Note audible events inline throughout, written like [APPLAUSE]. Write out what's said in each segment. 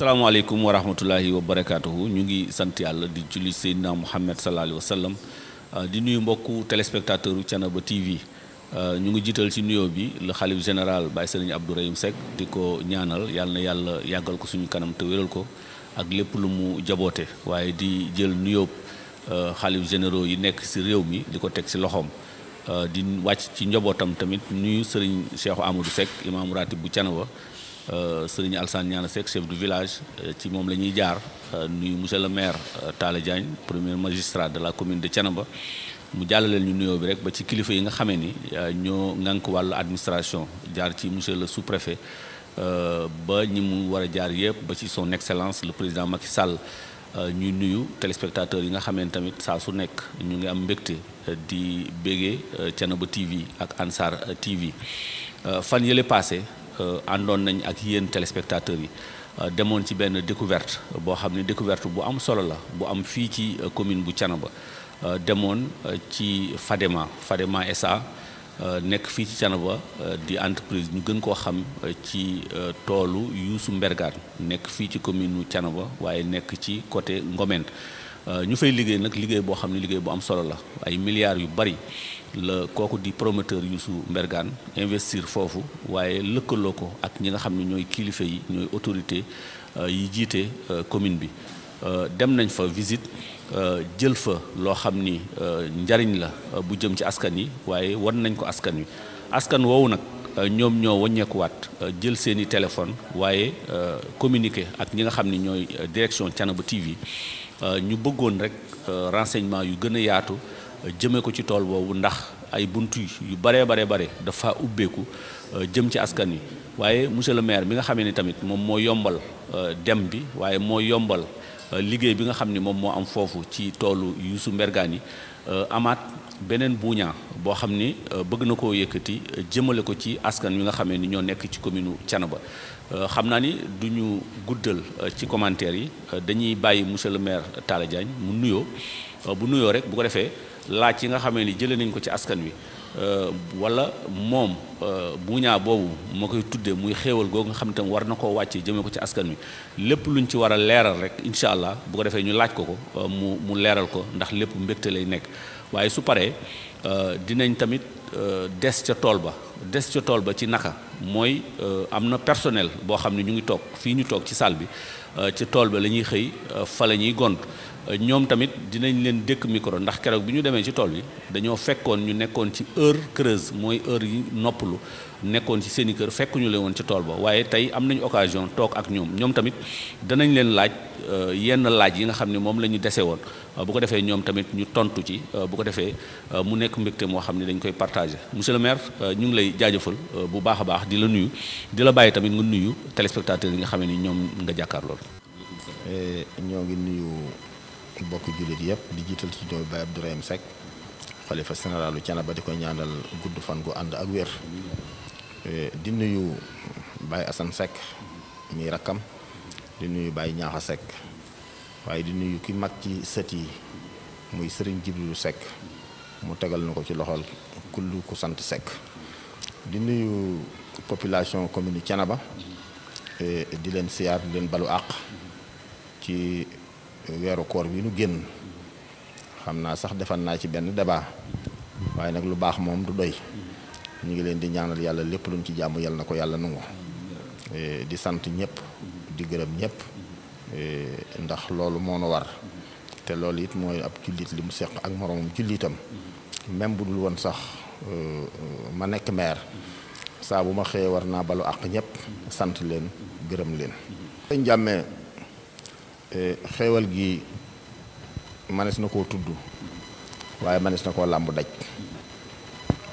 salaamaaleykum wa rahmatullahi wa barakaatuhu ñu ngi sant yàlla di julli Seydina Muhammad sallallahu alayhi wa sallam ah, di nuyu mbokku téléspectateur Thiénaba TV ah, ñu ngi jiital ci nuyoo bi le xalif général Baye Serigne Abdou Rahim Seck di ko ñaanal yàlla yàlla yàggal ko suñu kanam te wéral ko ak lépp lu mu jaboote waaye di jël nuyoo xalif ah, généraux yi nekk ci réew mi di ko teg ci loxoom di wàcc ci njabootam tamit nuyu Serigne Cheikh Amadou Seck imam ratib bu Thiénaba sëriñ Alsaan Ñaana Seck chef du village euh, ci moom la ñuy jaar euh, nuyu monsieur le maire euh, Talla Diagne premier magistrat de la commune de Thiénaba mu jàllaleel ñu nuyoo bi rek ba ci kilifa yi nga xamee ni ñoo ngànk wàllu administration jaar ci monsieur le sous-préfet ba ñi mu war a jaar yëpp ba ci son excellence le président Macky Sall ñuy nuyu téléspectateurs yi nga xamee ni tamit saa su nekk ñu ngi am mbégte di bégee Thiénaba TV ak Ansar TV fan yële passé Euh, àndoon nañ ak yéen téléspectateurs yi euh, demoon ci benn découverte boo xam ne découverte bu am solo la bu am fii ci euh, commune bu Thiénaba demoon ci Fadema Fadema SA nekk fii ci Thiénaba di entreprise ñu gën koo xam ci toolu Youssou Mbergane nekk fii ci commune bu Thiénaba waaye nekk ci côté Ngomène Euh, ñu fay liggéey nag liggéey boo xam ne liggéey bu am solo la ay milliards yu bari la kooku di promoteur Youssou Mbergane investir foofu waaye lëkkaloo ko ak ñi nga xam ne ñooy kilifa yi ñooy autorité euh, yi jiite euh, commune bi dem nañ fa visite jël fa loo xam ni njariñ la bu jëm ci askan yi waaye war nañ ko askan wi askan woowu nag ñoom ñoo waññeekuwaat jël seeni téléphone waaye communiqué ak ñi nga xam ni ñooy direction Thiénaba TV Euh, ñu bëggoon rek euh, renseignement yu gën a yaatu euh, jëmee ko ci tool boobu ndax ay bunt yu baree bare bare dafa ubbeeku jëm ci askan wi waaye monsieur le maire bi nga xamee ni tamit moom moo yombal dem bi waaye moo yombal liggéey bi nga xam ni moom moo am foofu ci toolu Youssou Mbergane yi amaat beneen buuñaa boo xam ni bëgg na koo yëkkati jëmale ko ci askan wi nga xamee ni ñoo nekk ci commune Thiénaba Euh, xam naa ni du ñu guddal euh, ci commentaire yi euh, dañuy bàyyi monsieur le maire Talla Diagne mu nuyoo bu nuyoo rek bu ko defee laaj yi nga xamee ni jëlee nañ ko ci askan wi wala moom bu ñaar boobu moo koy tuddee muy xéewal googu nga xam tam war na koo wàccee jëmee ko ci askan wi lépp lu ñu ci war a leeral rek incha allah bu ko defee ñu laaj ko ko mu mu leeral ko ndax lépp mbégte lay nekk waaye su paree dinañ tamit. Euh, des ca tool ba des ca tool ba ci naka mooy euh, am na personnel boo xam ne ñu ngi toog fii ñu toog ci salle bi euh, ca tool ba la ñuy xëy fa la ñuy gont ñoom tamit dinañ leen dëkk micro ndax keroog bi ñu demee ci tool bi dañoo fekkoon ñu nekkoon ci heure creuse mooy heure yi nopp lu nekkoon ci seeni kër fekkuñu leen woon ci tool ba waaye tey am nañu occasion toog ak ñoom ñoom tamit danañ leen laaj euh, yenn laaj yi nga xam ne moom la ñu dese woon euh, bu ko defee ñoom tamit ñu tontu ci euh, bu ko defee mu nekk mbégte moo xam ne dañ koy partagé monsieur le ñu ngi lay jaajëfal bu baax a baax di la nuyu di la bàyyi tamit nga nuyu téléspectateurs yi nga xam ne ñoom nga jàkkaar lool eh, ñoo ngi nuyu bokk jullit yëpp di jiital ci ñoom Baye Abdourahim Seck xalifa généralu Thiénaba di ko ñaanal gudd fan gu ànd ak wér Eh, di nuyu Baye Assane Seck mi rakkam di nuyu Baye Ñaaxa sekk waaye di nuyu ki mag ci set yi muy Serigne Jibrilu sekk mu tegal na ko ci loxol kullu ku sant sekk di nuyu population commune Thiénaba eh, di leen siyaar di leen balu àq ci weeru koor bi nu génn xam naa sax defal naa ci benn débat waaye nag lu baax moom du doy ñu ngi leen di ñaanal yàlla lépp luñ ci jàmm yàlla na ko yàlla nangu eh, di sant ñëpp di gërëm ñëpp eh, ndax loolu moo nu war te loolu it mooy ab jullit li mu seq ak moroomam jullitam même bu dul woon sax eh, ma nekk maire saa bu ma xëyee war naa balu àq ñëpp sant leen gërëm leen sëñ jàmmee xewal gi manes na koo tudd waaye manes na koo làmb daj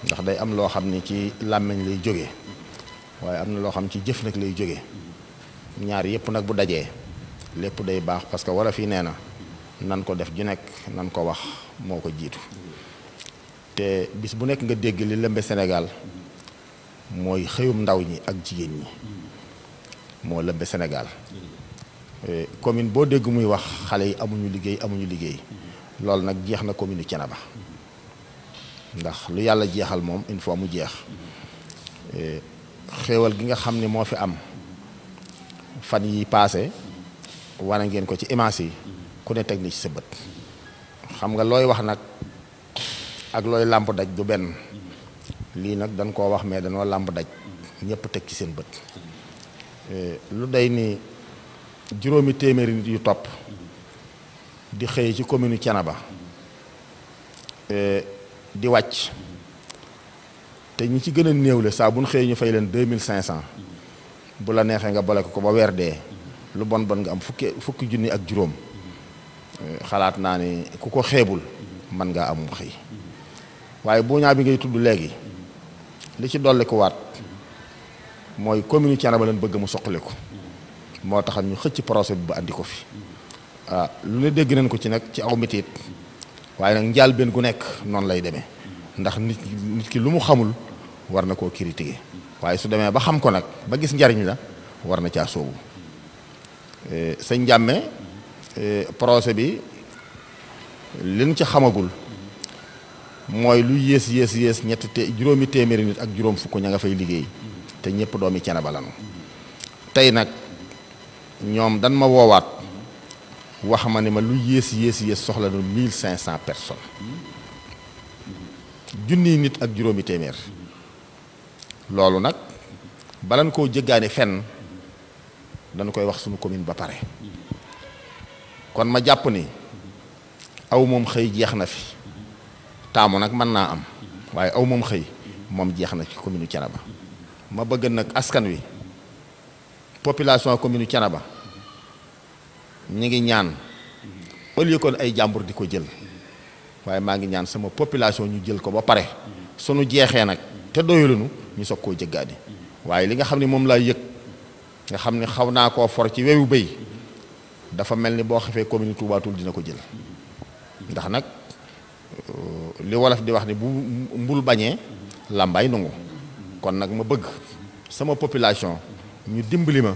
ndax day am loo xam ni ci làmmiñ lay jóge waaye am na loo xam ci jëf nag lay jóge ñaar yëpp nag bu dajee lépp day baax parce que wala fii nee na nan ko def ju nekk nan ko wax moo ko jiitu te bis bu nekk nga dégg li lëmbe Sénégal mooy xëyum ndaw ñi ak jigéen ñi moo lëmbe Sénégal e, commune boo dégg muy wax xale yi amuñu liggéey amuñu liggéey loolu nag jeex na commune Thiénaba ndax lu yàlla jeexal moom une fois mu jeex xéewal gi nga xam ni moo fi am fan yi paase wane ngeen ko ci image yi ku ne teg ni ci sa bët xam nga looy wax nag ak looy làmp daj du benn lii nag dañ koo wax mais danoo làmp daj ñépp teg ci seen bët lu day ni juróomi téeméeri nit yu topp di xëy ci commune ba di wàcc te ñi ci gën a néewle saa bu ñu xëyee ñu fay leen deux mille cinq cent bu la neexee nga bole ko ba weer dee lu bon bon nga am fukki fukki junni ak juróom xalaat naa ne ku ko xeebul mën ngaa am xëy waaye buñaa bi ngay tudd léegi li ci dolli ko waat mooy commune ba leen bëgg mu soqali ko moo taxam ñu xëcc projet bi ba andi ko fi ah lu ne dégg nañ ko ci nekk ci aw metit waaye nag njaal benn gu nekk noonu lay deme ndax nit nit ki lu mu xamul war na koo critiquer waaye su demee ba xam ko nag ba gis njariñ la war na caa soobu eh, sëñ njàmme eh, projet bi liñ ci xamagul mooy lu yées yées yées ñett te juróomi téeméeri nit ak juróom fukk ña nga fay liggéey te ñëpp doomi cene ba lanu tey nag ñoom dan ma woowaat wax ma ne ma lu yées yées yées soxla na mille cinq cent personnes junniy nit ak juróomi téeméer loolu nag balan koo jëggaani fenn dañu koy wax suma commune ba pare kon ma jàpp ni aw moom xëy jeex na fi taamu nag mën naa am waaye aw moom xëy moom jeex na ci commune Thiénaba ma bëgg nag askan wi population commune ba ñu ngi ñaan au kon ay jàmbur di ko jël waaye maa ngi ñaan sama population ñu jël ko ba pare su nu jeexee nag te doyulunu ñu soog koo jëggaani waaye li nga xam ne moom laa yëg nga xam ne xaw naa koo for ci wewu béy dafa mel ni boo xefee commune Touba dina ko jël ndax nag li wolof di wax ne bu mbul bañee làmbaay nangu kon nag ma bëgg sama population ñu dimbali ma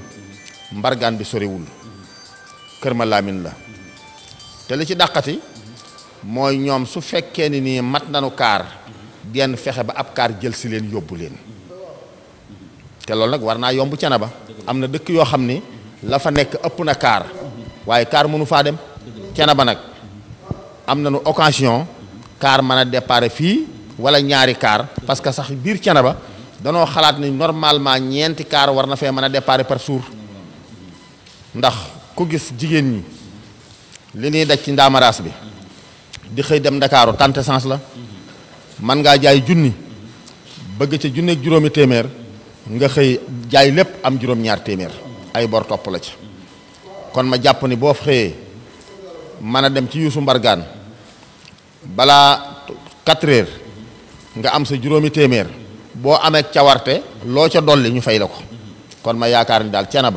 mbargaan bi sorewul kër ma laamin la te li ci dàqati mooy ñoom su fekkee ni nii mat nanu kaar denn fexe ba ab kaar jël si leen yóbbu leen te loolu nag war naa yomb cana ba am na dëkk yoo xam ni la fa nekk ëpp na kaar waaye kaar mënu faa dem cana ba nag am na nu occasion kaar mën a départ fii wala ñaari kaar parce que sax biir cana ba danoo xalaat ni normalement ñeenti kaar war na fee mën a départ par jour ndax ku gis jigéen ñi li ñuy daj ci ndamaraas bi di xëy dem ndakaaru tant essence la man ngaa jaay junni bëgg ca junneeg juróomi téeméer nga xëy jaay lépp am juróom-ñaar téeméer ay bor topp la ci kon ma jàpp ni boo xëyee mën a dem ci yuusu mbargaan balaa quatre heures nga am sa juróomi téeméer boo amee cawarte loo ca dolli ñu fay la ko kon ma yaakaar ni daal cene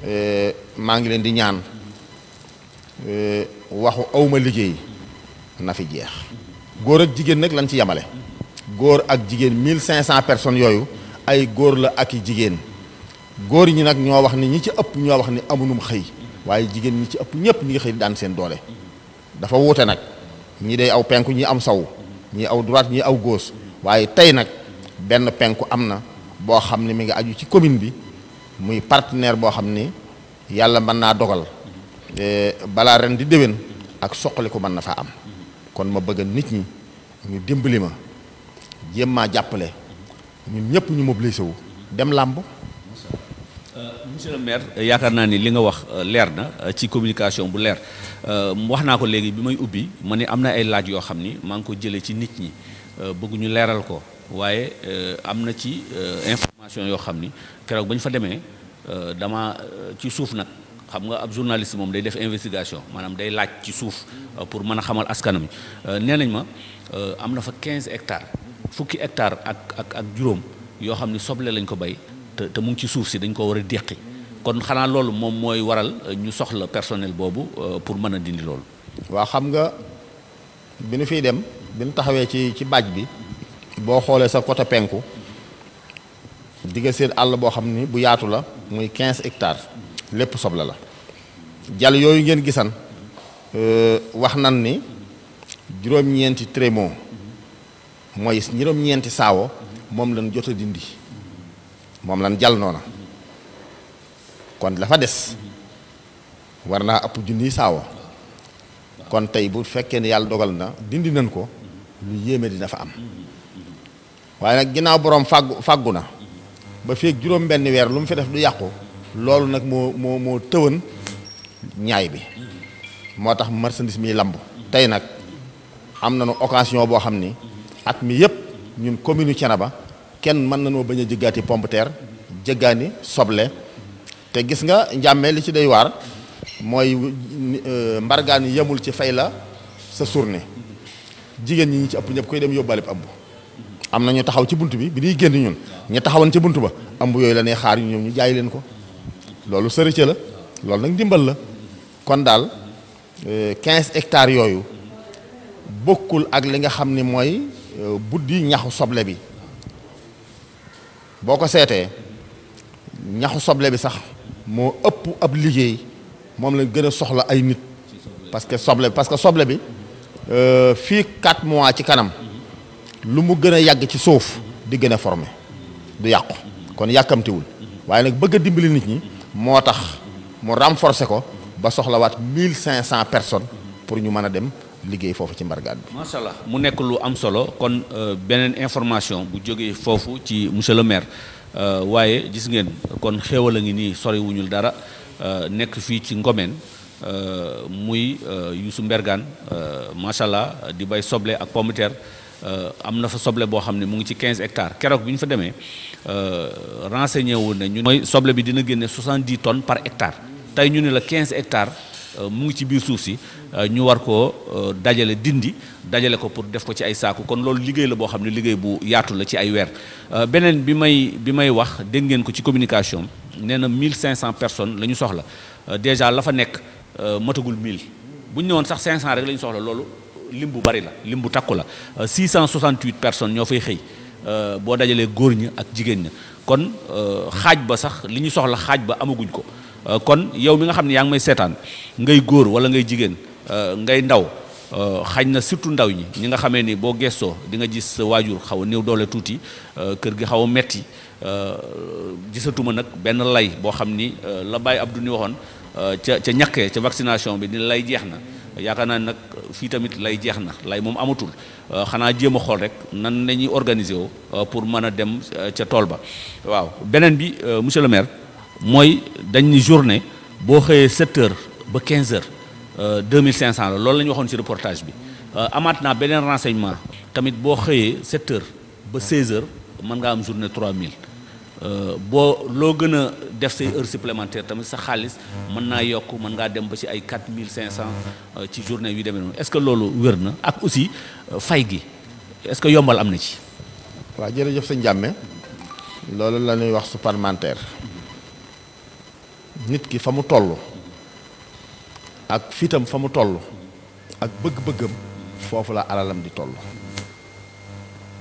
Eh, maa ngi leen di ñaan eh, waxu awma liggéey na fi jeex góor ak jigéen nag lañ ci yemale góor ak jigéen mille cinq cent personnes yooyu ay góor la ak i jigéen góor ñi nag ñoo wax ni ñi ci ëpp ñoo wax ni amunum xëy waaye jigéen ñi ci ëpp ñëpp ñi ngi xëy daan seen doole dafa wuute nag ñi day aw penku ñi am saw ñi aw droite ñi aw gauche waaye tey nag benn penku am na boo xam ne mu ngi aju ci commune bi muy partenaire boo xam ni yàlla mën naa dogal balaa ren di déwén ak soqali ko mën na faa am kon ma bëgg nit ñi ñu dimbali ma jéem maa jàppale ñun ñëpp ñu mobiliser wu dem làmb monsieur yaakaar naa ni li nga wax euh, leer na euh, ci communication bu leer euh, wax naa ko léegi bi may ubbi ma ni am na ay laaj yoo xam ni maa ngi ko jëlee ci nit ñi bëgguñu leeral ko waaye euh, am na ci euh, information yoo xam ni keroog ba ñu fa demee euh, dama ci suuf nag xam nga ab journaliste moom day def investigation maanaam day laaj ci suuf pour mën a xamal askanam nee nañ ma am na fa 15 hectares fukki hectares ak ak ak juróom yoo xam ni soble lañ ko bay te te mu ngi ci suuf si dañ koo war a déqi kon xanaa loolu moom mooy waral ñu soxla personnel boobu pour mën a dindi loolu. waaw xam nga bi nu fiy dem bi nu taxawee ci ci baaj bi. boo xoolee sa côté penku di seen àll boo xam ni bu yaatu la muy 15 hectares lépp soble la jal yooyu ngeen gisan euh, wax nan ni juróom-ñeenti trémo mooy juróom-ñeenti saawo moom lañ jot a dindi moom lañ jal noona kon la fa des war naa ëpp junniy saawo kon tey bu fekkee ne yàlla dogal na dindi nañ ko lu yéeme dina fa am waaye nag ginnaaw borom fàggu fàggu na ba feeg juróom benn weer lu mu fi def du yàqu loolu nag moo moo moo tëwan ñaay bi moo tax marchandise mi lamb tey nag am nañu occasion boo xam ni at mi yëpp ñun commune ba kenn mën nañoo bañ a jëggaati pompe terre jëggaani soble te gis nga njàmmee li ci day waar mooy euh, mbargaan yemul ci fay la sa surne jigéen ñi ñi ci ëpp ñëpp koy dem yóbbaale ëmb am na ñu taxaw ci bunt bi bi ñuy génn ñun ñu taxawoon ci bunt ba am yooyu la ne xaar ñu ñoom ñu jaay leen ko loolu sërëcë la loolu nag ndimbal la kon daal 15 euh, hectares yooyu bokkul ak li nga xam ni mooy euh, buddi ñaxu soble bi boo ko seetee ñaxu soble bi sax moo ëpp ab liggéey moom la gën a soxla ay nit parce que soble parce que soble bi euh, fii 4 mois ci kanam lu mu gën a yàgg ci suuf di gën a formé du yàqu kon yàkkamtewul waaye nag bëgg a dimbali nit ñi moo tax mu renforcer ko ba soxlawaat mille cinq cent personnes pour ñu mën a dem liggéey foofu ci mbargaan bi. macha allah mu nekk lu am solo kon euh, beneen information bu jógee foofu ci monsieur le maire euh, waaye gis ngeen kon xéewal a nii sorewuñul dara euh, nekk fii ci Ngomeen. muy Youssou Mbergane macha allah di bay soble ak pomme Euh, am na fa soble boo xam ne mu ngi ci 15 hectares keroog bi ñu fa demee euh, renseigné wu ne ñu mooy soble bi dina génne 70 tonnes par hectare tey ñu ne la 15 hectares euh, mu ngi ci biir suuf si ñu war ko dajale dindi dajale ko pour def ko ci ay saaku kon loolu liggéey la boo xam ne liggéey bu yaatu la ci ay weer beneen bi may bi may wax dégg ngeen ko ci communication nee na 1500 personnes la ñu soxla déjà la fa nekk matagul 1000 bu ñu ne woon sax 500 rek la ñu soxla loolu lim bu bari la lim bu takku la euh, cent 668 personnes ñoo fay xëy euh, boo dajalee góor ñi ak jigéen ña kon euh, xaaj ba sax li ñu soxla xaaj ba amaguñ ko kon yow mi nga xam ne yaa ngi may seetaan ngay góor wala ngay jigéen ngay ndaw xaaj na surtout ndaw ñi ñi nga xamee ni boo gestoo di nga gis waajur xaw a néew doole tuuti kër gi xaw a metti gisatuma nag benn lay boo xam ni la bàyyi Abdou ni waxoon ca ca ñàkkee ca vaccination bi dina lay jeex na yaakaar naa nag fii tamit lay jeex na lay moom amatul euh, xanaa jéem a xool rek nan lañuy ñuy organiser woo euh, pour mën a dem euh, ca tool ba waaw beneen bi monsieur le maire mooy dañ ni journée boo xëyee 7 heures ba 15 heures 2500 la loolu la ñu waxoon ci reportage bi amaat naa beneen renseignement tamit boo xëyee 7 heures ba 16 heures mën nga am journée mille Euh, boo loo gën a def say heure supplémentaire tamit sa xaalis mën naa yokk mën ngaa dem ba si ay quatre mille cinq cent euh, ci journée yu demee noonu est-ce que loolu wér na ak aussi euh, fay gi est-ce que yombal am na ci. waaw jërëjëf sa njàmme loolu la ñuy wax supplémentaire nit ki fa mu toll ak fiitam fa mu toll ak bëgg-bëggam foofu la alalam di toll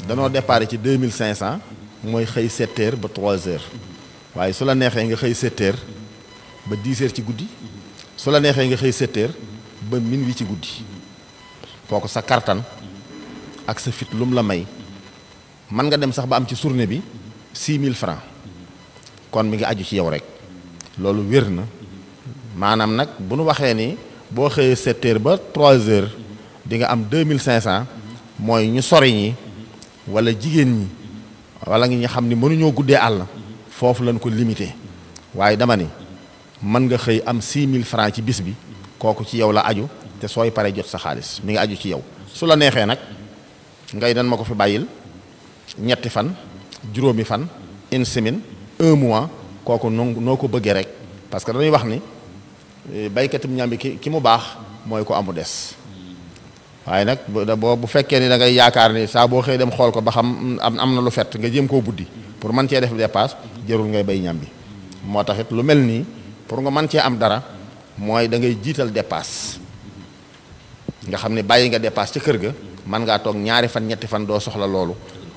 danoo déparé ci deux mille cinq cent mooy xëy 7 ba trois heures waaye su la neexee nga xëy 7 ba 10 heures ci guddi su la neexee nga xëy 7 heures ba minuit ci guddi kooku sa kartan ak sa fit lum la may mën nga dem sax ba am ci journée bi mille francs kon mi ngi aju ci yow rek loolu wér na maanaam nag bu nu waxee ni boo xëyee 7 ba trois heures di nga am 2500 mooy ñu sori ñi wala jigéen ñi. wala ngi nga xam ni mënuñoo guddee àll foofu lan ko limité waaye dema ni mën nga xëy am mille francs ci bis bi kooku ci yow la aju te sooy paree jot sa xaalis mi ngi aju ci yow su la neexee nag ngay dan ma ko fi bàyyil ñetti fan juróomi fan une semaine un mois kooku noo noo ko bëggee rek parce que dañuy wax ni eh, baykatum ñaambi ki ki mu baax mooy ko amu des waaye nag boo bu fekkee ni da ngay yaakaar ni saa boo xëy dem xool ko ba xam am am na lu fet nga jéem koo buddi pour mën cee def dépasse jërul ngay bay ñam bi moo tax it lu mel nii pour nga mën cee am dara mooy dangay ngay jiital dépasse nga xam ne bàyyi nga dépasse ca kër ga mën ngaa toog ñaari fan ñetti fan doo soxla loolu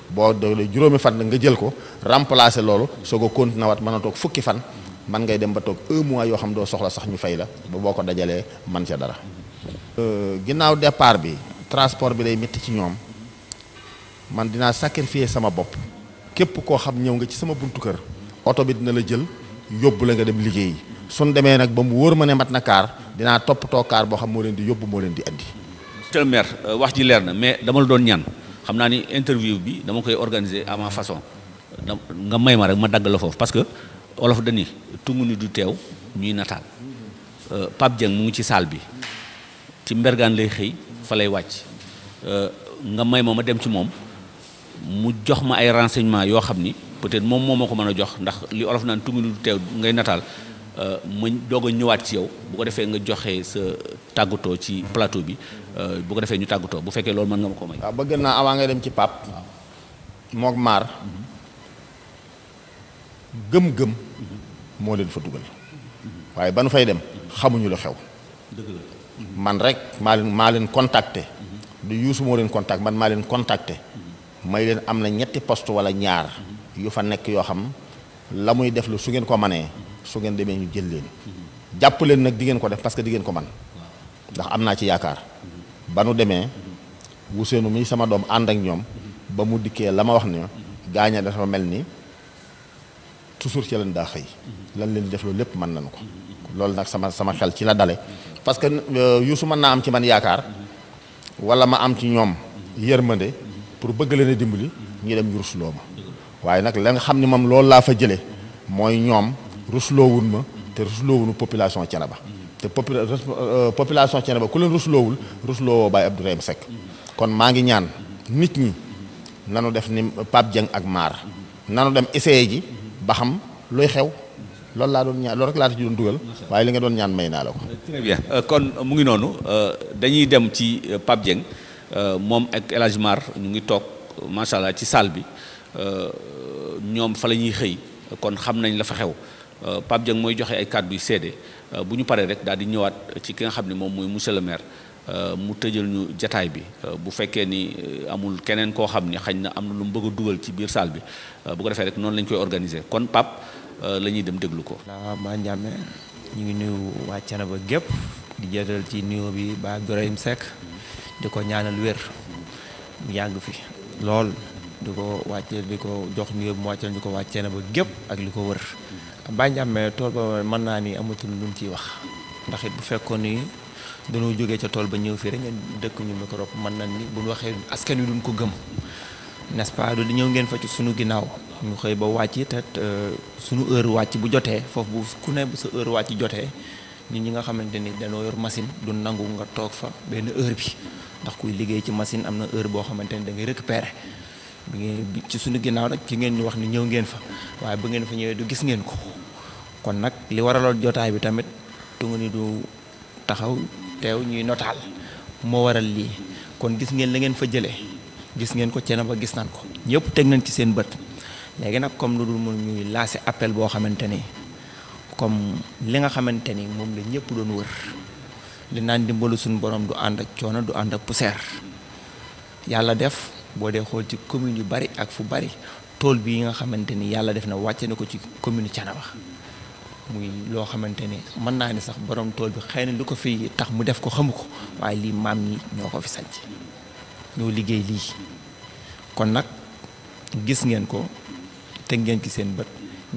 boo doole juróomi fan nga jël ko remplacer loolu soog a continuer wat mën a toog fukki fan man ngay dem ba toog un mois yoo xam doo soxla sax ñu fay la ba boo ko dajalee man ca dara Euh, ginnaaw départ bi transport bi day métti ci ñoom man dinaa sacrifier sama bopp képp koo xam ñëw nga ci sama buntu kër oto bi dina la jël yóbbu la nga dem liggéeyi suñ demee nag ba mu wóor ma ne mat na kaar dinaa toppatoo kaar boo xam moo leen di yóbbu moo leen di andi. monsieur le euh, wax ji leer na mais dama la doon ñan xam naa ni interview bi dama koy organiser à ma façon nga may ma rek ma dagg la foofu parce que olof dañuy tungu ni du teew ñuy nataal euh, Pape Dieng mu ci salle bi. ci mbergaan lay xëy fa lay wàcc euh, nga may ma ma dem ci moom mu jox ma ay renseignements yoo xam ni peut-être moom moo ma ko mën a jox ndax li olof naan tungu lu teew ngay nataal euh, ma dog a ñëwaat ci yow bu ko defee nga joxe sa tàggatoo ci plateau bi euh, bu ko defee ñu tàggatoo bu fekkee loolu mën nga ma ko may. waaw ah, bëgg naa avant ngay dem ci Pape. mook maar. gëm-gëm. moo leen fa dugal. Mm-hmm. waaye ba nu fay dem xamuñu la xew. dëgg man rek maa leen maa leen contacté du yuusu moo leen contact man maa leen contacté may leen am na ñetti poste wala ñaar yu fa nekk yoo xam la muy def lu su ngeen ko manee su ngeen demee ñu jël leen jàpp leen nag di ngeen ko def parce que di ngeen ko man ndax am naa ci yaakaar ba nu demee wuseenu mi sama doom ànd ak ñoom ba mu dikkee la ma wax ne gaaña dafa mel ni toujours ci leen daa xëy lan leen def loolu lépp mën nañu ko loolu nag sama sama xel ci la dale parce que euh, Youssou mën naa am ci man yaakaar wala ma am ci ñoom yërmande pour bëgg leen a dimbali ñu dem ñu rusloo ma waaye nag la nga xam ni moom loolu laa fa jëlee mooy ñoom rusloowun ma te rusloowunu population Thiénaba te euh, population Thiénaba ku leen rusloowul rusloowoo Baye Abdourahim sekk kon maa ngi ñaan nit ñi nanu def ni Pape Dieng ak Maar nanu dem essayé ji ba xam luy xew loolu laa doon ñaan loolu rek laa ci doon dugal. waaye li nga doon ñaan may naa la ko. Euh, très bien euh, kon mu ngi noonu euh, dañuy dem ci Pape Dieng moom ak El ñu ngi toog macha allah ci salle bi ñoom fa la ñuy xëy kon xam nañ la fa xew Pape Dieng mooy joxe ay kàddu yu seede bu ñu paree rek daal di ñëwaat ci ki nga xam ne moom mooy monsieur le maire. mu tëjal ñu jataay bi bu fekkee ni amul keneen koo xam ni xañ na am na lu mu bëgg dugal ci biir salle bi bu ko defee rek noonu lañ ko organiser kon Pape Euh, la ñuy dem déglu ko. la maa njàmme ñu ngi nuyu waa Thiénaba gépp di jëtal ci nuyoo bi ba Ibrahim Seck di ko ñaanal wér mu yàgg fi lool di ko wàcce di ko jox nuyoo bi mu wàccal ñu ko waa Thiénaba gépp ak li ko wër ba tool ba mën naa nii amatul lu mu ciy wax ndax it bu fekkoon ni dañoo jógee ca tool ba ñëw fii rek ngeen dëkk ñu micro mën nañ ni bu ñu waxee askan wi duñ ko gëm n'est-ce pas du ñëw ngeen fa ci sunu ginnaaw ñu xëy ba wàcc te suñu heure wàcc bu jotee foofu ku ne bu sa heure wàcc jotee ñun ñi nga xamante ni dañoo yor machine du nangu nga toog fa benn heure bi ndax kuy liggéey ci machine am na heure boo xamante ni da ngay récupérer bi ci suñu ginnaaw nag ci ngeen ñu wax ni ñëw ngeen fa waaye ba ngeen fa ñëwee du gis ngeen ko kon nag li waraloo jotaay bi tamit tungu ni du taxaw teew ñuy notaal moo waral lii kon gis ngeen la ngeen fa jëlee gis ngeen ko cee na ba gis naan ko ñëpp teg nañ ci seen bët léegi nag comme lu dul mu ñuy lancé appel boo xamante ni comme li nga xamante ni moom la ñëpp doon wër li naan dimbalu suñu borom du ànd ak coono du ànd ak poussière yàlla def boo dee xool ci commune yu bari ak fu bari tool bi nga xamante ni yàlla def na wàcce na ko ci commune Thiénaba muy loo xamante ni mën naa ni sax borom tool bi xëy na lu ko fi tax mu def ko xamu ko waaye lii maam yi ñoo ko fi sanc ñoo liggéey lii kon nag gis ngeen ko teg ngeen ci seen bët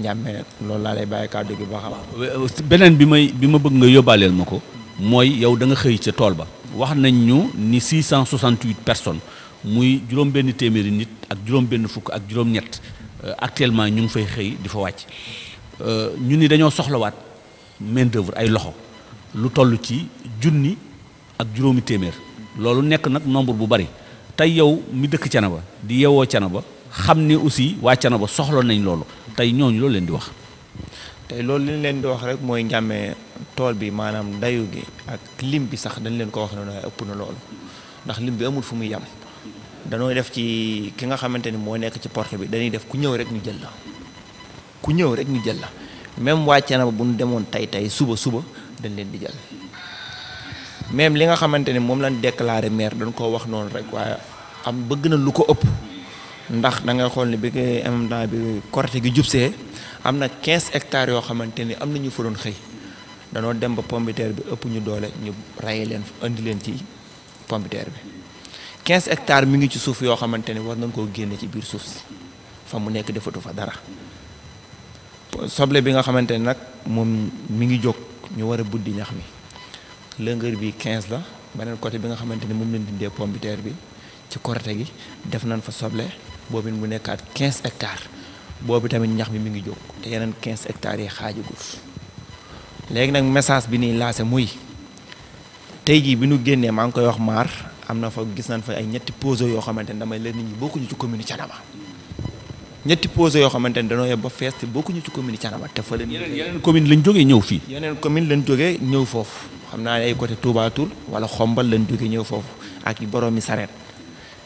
ñàmmee loolu laa lay bàyyi kàddu gi ba xam. beneen bi may bi ma bëgg nga yóbbaaleel ma ko mooy yow da nga xëy ca tool ba wax nañ ñu ni 668 personnes muy juróom-benn téeméeri nit ak juróom-benn fukk ak juróom-ñett euh, actuellement ñu ngi fay xëy di fa wàcc euh, ñu ni dañoo soxlawaat main ay loxo lu toll ci junni ak juróomi téeméer loolu nekk nag nombre bu bari tey yow mi dëkk Thiénaba di yeewoo Thiénaba xam ne aussi na ba soxla nañ loolu tey ñooñu loolu leen di wax. tey loolu li leen di wax rek mooy njàmmee tool bi maanaam dayu gi ak lim bi sax dañ leen ko wax ne waaye na loolu ndax lim amul fu muy yem danooy def ci ki nga xamante ni moo nekk ci porte bi dañuy def ku ñëw rek ñu jël ku ñëw rek ñu jël la même waa Thiénaba bu demoon tey tey suba suba dañ leen di jël même li nga xamante ni moom lañ déclaré maire dañ koo wax noonu rek waaye am bëgg na lu ko ëpp. ndax da xool ni bi en bi Korité gi jubsee am na quinze hectares yoo xamante ni am na ñu fa doon xëy danoo dem ba pombiteer bi ëpp ñu doole ñu raye leen indi leen ci pombiteer bi quinze hectares mi ngi ci suuf yoo xamante ni war nañ koo génne ci biir suuf si fa mu nekk defatu fa dara soble bi nga xamante ni nag moom mi ngi jóg ñu war a buddi ñax mi lëngër bi quinze la beneen côté bi nga xamante ni moom lañ dindee pombiteer bi ci Korité gi def nañ fa soble boobu mu nekkaat quinze hectares boobu tamit ñax mi mi ngi jóg te yeneen quinze hectares yi xaajagut léegi nag message bi nii laase muy tey jii bi nu génnee maa ngi koy wax maar am na fa gis nañ fa ay ñetti pose yoo xamante ne damay leen nit ñi bokkuñu ci commune Thiénaba ñetti pose yoo xamante ne dañoo yeb ba fees te bokkuñu ci commune Thiénaba te fa leen. yeneen yeneen commune lañ jógee ñëw fii. yeneen commune lañ jógee ñëw foofu xam naa ne ay côté Touba Toul wala Xombal lañ jógee ñëw foofu ak boroomi sareet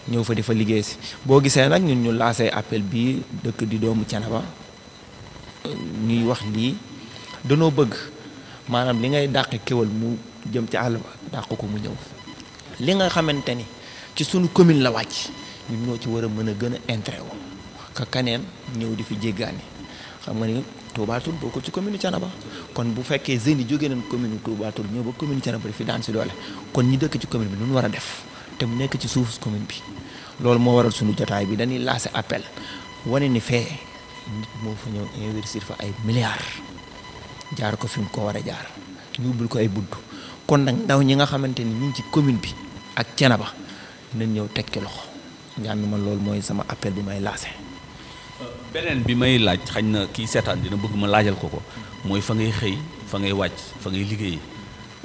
ñëw fa defa liggéey si boo gisee nag ñun ñu lancé appel bi dëkk di doomu Thiénaba ñuy wax lii danoo bëgg maanaam li ngay dàq kéwal mu jëm ci àll ba dàq ko mu ñëw li nga xamante ni ci sunu commune la wàcc ñun ñoo ci war a mën a gën a intérêt wu ka kaneen ñëw di fi jéggaani xam nga ni Toubatul bokkul ci commune Thiénaba kon bu fekkee jeunes yi jógee nañ commune Toubatul ñëw ba commune Thiénaba di fi daan si doole kon ñi dëkk ci commune bi lu ñu war a def te mu nekk ci suuf commune bi loolu moo waral suñu jotaay bi dañuy lancer appel wane ni fee nit moo fa ñëw investir fa ay milliards jaar ko fi mu ko war a jaar ñu ubbil ko ay bunt kon nag ndaw ñi nga xamante ni ñu ci commune bi ak Thiénaba nañ ñëw teg ki loxo ñaan ma loolu mooy sama appel bi may lancer. Euh, beneen bi may laaj xañ na kii seetaan dina bëgg ma laajal ko ko mooy fa ngay xëy fa ngay wàcc fa ngay liggéey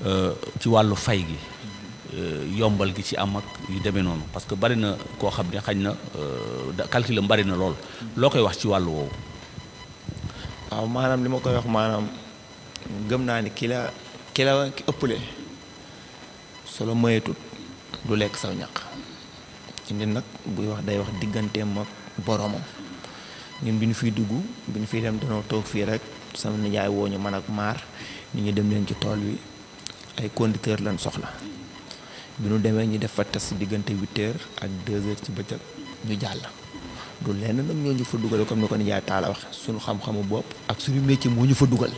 euh, ci wàllu fay gi. Euh, yombal gi ci am ak yu demee noonu parce que bari na koo xam ne xañ na euh, calculam bari na lool. loo koy wax ci wàllu woowu. waaw maanaam li ma koy wax maanaam gëm naa ni kila la ki la ki ëppale solo moyetut du lekk saw ñaq nit nag buy wax day wax digganteem ak boromam ñun bi ñu fiy dugg bi ñu fiy dem danoo toog fii rek sama nijaay woo ñu man ak maar ni ñu dem leen ci tool wi ay conducteur lañ soxla. bi nu demee ñu def fa test diggante huit heures ak deux heures ci bëccëg ñu jàll du lenn nag ñoo ñu fa dugal comme ni ko Ndiaye Talla wax suñu xam-xamu bopp ak suñu métier moo ñu fa dugal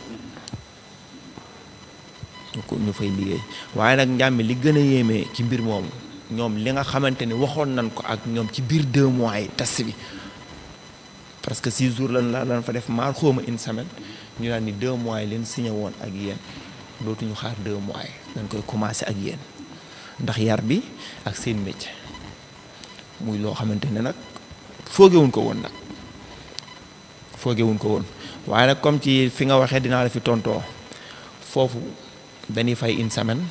ñu fay liggéey waaye nag njàmmi li gën a yéeme ci mbir moomu ñoom li nga xamante ni waxoon nañ ko ak ñoom ci biir deux mois yi test bi parce que six jours lan la lan fa def maar xóoma une semaine ñu daan ni deux mois yi leen signé woon ak yéen dootuñu xaar deux dañ koy commencé ak yéen ndax yar bi ak seen métier muy loo xamante ne nag foogewuñ ko woon nag foogewuñ ko woon waaye nag comme ci fi nga waxee dinaa la fi tontoo foofu dañuy fay une semaine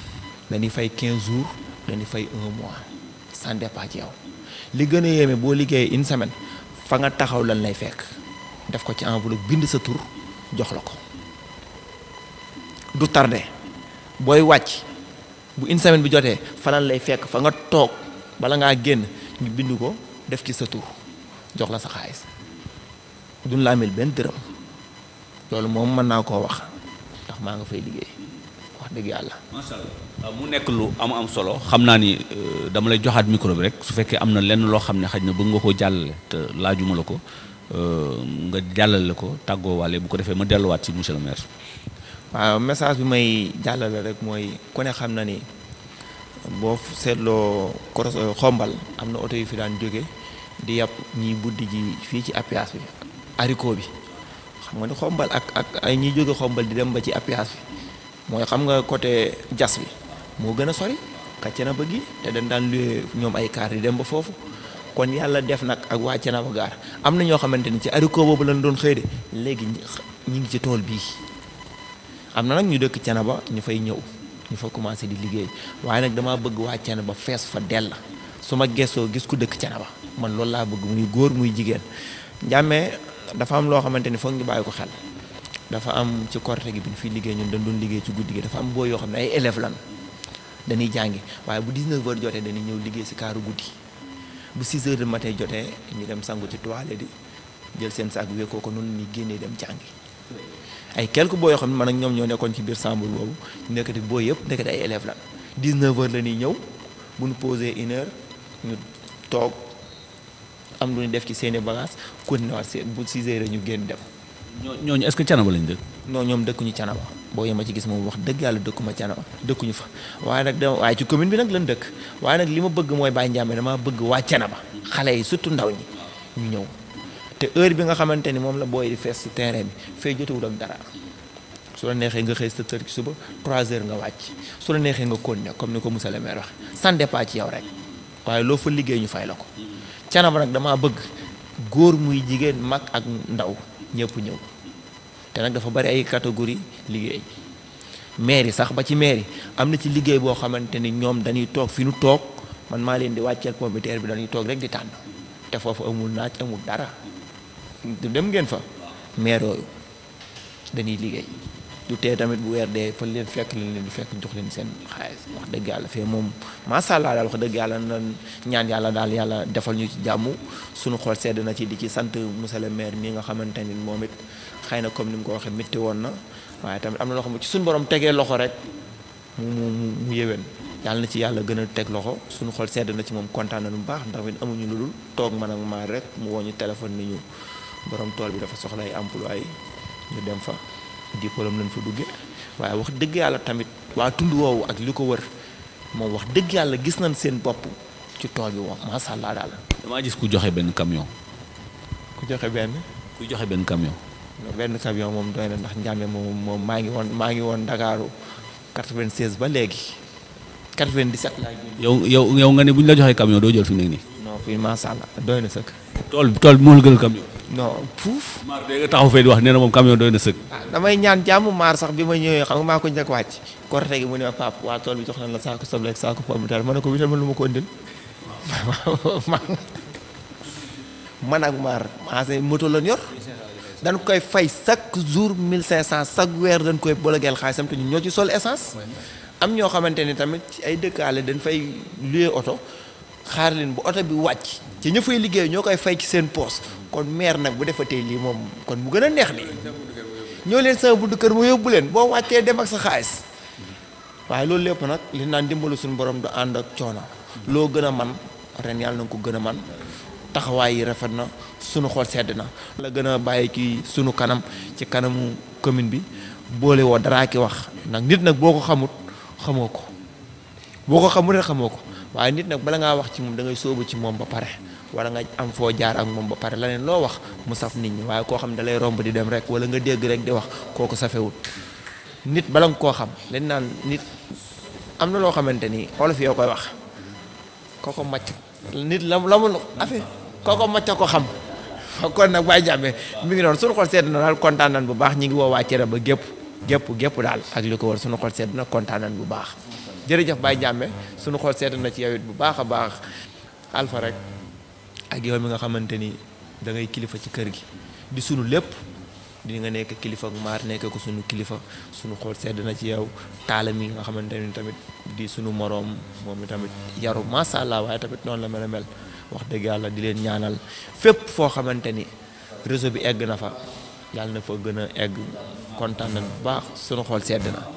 dañuy fay quinze jours dañuy fay un mois ça ci li gën a yéeme boo liggéeyee une semaine fa nga taxaw lan lay fekk def ko ci enveloppe bind sa tur jox la ko du tardé booy wàcc bu une semaine bi jotee fanaan lay fekk fa nga toog bala ngaa génn ñu bind ko def ci sa tur jox la sa xaalis duñ la amel benn dërëm loolu moom mën naa koo wax ndax maa nga fay liggéey wax dëgg yàlla. macha mu nekk lu am am solo xam naa ni euh, dama lay joxaat micro bi rek su fekkee am na lenn loo xam ne xaj na bëgg nga koo jàllale te laajuma la ko euh, nga jàllale ko tàggoo waale bu ko defee ma delluwaat ci monsieur le maire. waaw message bi may jàllale rek mooy kone xam na ni boo seetloo koros euh, xombal am na oto yu fi daan jóge di yàpp ñiy buddi ji fii ci apias bi ariko bi xam nga ni xombal ak ak ay ñi jóge xombal di dem ba ci apias bi mooy xam nga côté jas bi moo gën a sori kàcce na gi te dem daan luye ñoom ay kaar di dem ba foofu kon yàlla def nag ak wàcce na ba gaar am na ñoo xamante ni ci ariko boobu lañ doon xëy de léegi ñi ngi ci tool bii am na nag ñu dëkk Thiénaba ñu fay ñëw ñu fa commencé di liggéey waaye nag damaa bëgg waa Thiénaba fees fa dell su ma gëstoo gis ku dëkk Thiénaba man loolu laa bëgg muy góor muy jigéen njàmme dafa am loo xamante ni foog ñu bàyyi ko xel dafa am ci korte gi bi ñu fiy liggéey ñun dañ doon liggéey ci guddi gi dafa am boo yoo xam ne ay élève lan dañuy jàngi waaye bu 19 heures jotee dañuy ñëw liggéey si kaaru guddi bu 6 heures du jotee ñu dem sangu ci toilette di jël seen saak wéekoo ko noonu ñuy génnee dem jàngi ay quelques boo yoo xam ne man nag ñoom ñoo nekkoon ci biir chambre boobu nekkati boo yëpp nekkati ay élèves la 19 heures la ñuy ñëw bu ñu posé une ñu toog am lu ñu def ci seeni bagages continuer seen bu 6 heures ñu génn dem. ñoo est-ce que canaba lañ dëkk. non ñoom dëkkuñu canaba boo yema ci gis moom wax dëgg yàlla dëkkuma canaba dëkkuñu fa waaye nag dem waaye ci commune bi nag lañ dëkk waaye nag li ma bëgg mooy Baye Ndiamé dama bëgg waa canaba xale yi surtout ndaw ñi ñu ñëw. te heure bi nga xamante ni moom la booy di fees si terrain bi fay jotewul ak dara su la neexee nga xëy sa tër ci suba trois heures nga wàcc su la neexee nga continuer comme ni ko monsieur le maire wax sans ci yow rek waaye loo liggéey ñu fay la ko canaba nag damaa bëgg góor muy jigéen mag ak ndaw ñëpp ñëw te nag dafa bari ay catégorie liggéey mairie sax ba ci mairie am na ci liggéey boo xamante ni ñoom dañuy toog fi nu toog man maa leen di wàcceel pompiteer bi dañuy toog rek di tànn te foofu amul naaj amul dara dem ngeen fa maire dañuy liggéey du tee tamit bu weer dee fa leen fekk leen leen di fekk jox leen seen xaalis wax dëgg yàlla fee moom macha allah daal wax dëgg yàlla na ñaan yàlla daal yàlla defal ñu ci jàmm suñu xool sedd na ci di ci sant monsieur le maire mii nga xamante ni moom it xëy na comme ni mu ko waxee métti woon na waaye tamit am na loo xam ci suñu borom tegee loxo rek mu mu mu yéwén na ci yàlla gën a teg loxo suñu xol sedd na ci moom kontaan lu baax ndax amuñu lu dul toog man ak maa rek mu woo ñu téléphone ni ñu. borom tool bi dafa soxla ay emploi ñu dem fa diplôme lañ fa dugge waaye wax dëgg yàlla tamit waa tund woowu ak li ko wër moom wax dëgg yàlla gis nañ seen bopp ci tool bi moom macha daal. damaa gis ku joxe benn camion. ku joxe benn. ku joxe benn camion. benn camion moom doy na ndax njàmme moom moom maa ngi woon maa ngi woon Ndakaaru 96 ba léegi 97 laa yow yow yow nga ne bu la joxee camion doo jël fi moo la gënal camion. non puuf. maar de nga taxaw fee di wax nee na moom camion doy na sëg. Ah, damay ñaan jàmm maar sax bi ma ñëwee xam nga maa ko njëkk wàcc. korte gi mu ne ma pap waa tool bi jox nañ la saako soble ak saako pomme ma ne ma lu [LAUGHS] man ak maar maase moto lañ yor. dañ koy fay chaque jour mille cinq cent chaque weer dañ koy bologeel xaalis te ñu ñoo ci sol essence. am ñoo xamante ni tamit ci ay dëkkaale dañ fay louer oto. xaar leen bu oto bi wàcc. ci ña liggéey ñoo koy fay ci seen poos kon meer nag bu defatee lii moom kon mu gën a neex li ñoo leen sama buddu kër mu yóbbu leen boo wàccee dem ak sa xaalis waaye loolu lépp nag li naan dimbalu suñu borom du ànd ak coono loo gën a man ren yàlla na nga ko gën a man taxawaay yi rafet na suñu xol sedd na la gën a bàyyi ci suñu kanam ci kanamu commune bi boole woo daraa ki wax nag nit nag boo ko xamut xamoo ko boo ko xamut rek xamoo ko waaye nit nag bala ngaa wax ci moom da ngay sóobu ci moom ba pare wala nga am foo jaar ak moom ba pare la ne loo wax mu saf nit ñi waaye koo xam ne da lay romb di dem rek wala nga dégg rek di wax kooku safewut nit bala nga koo xam lañ naan nit am na loo xamante ni olof koy wax kooko macc nit la la mu affaire kooko macc ko xam [LAUGHS] kon nag bàyyi jàmme mi ngi doon suñu xol sedd na daal kontaan bu baax ñi ngi woo waa Cere ba gépp gépp gépp daal ak li ko war sunu xol sedd na kontaan bu baax jërëjëf Baye Jàmme sunu xool seeta na ci yow bu baax a baax alfa rek ak yow mi nga xamante ni da ngay kilifa ci kër gi di sunu lépp di nga nekk kilifa ak maar nekk ko sunu kilifa sunu xool sedd na ci yow taala mi nga xamante ni tamit di sunu moroom moom tamit yaru macha allah waaye tamit noonu la mel a mel wax dëgg yàlla di leen ñaanal fépp foo xamante ni réseau bi egg na fa yàlla na fa gën a egg kontaan na bu baax sunu xool sedd na.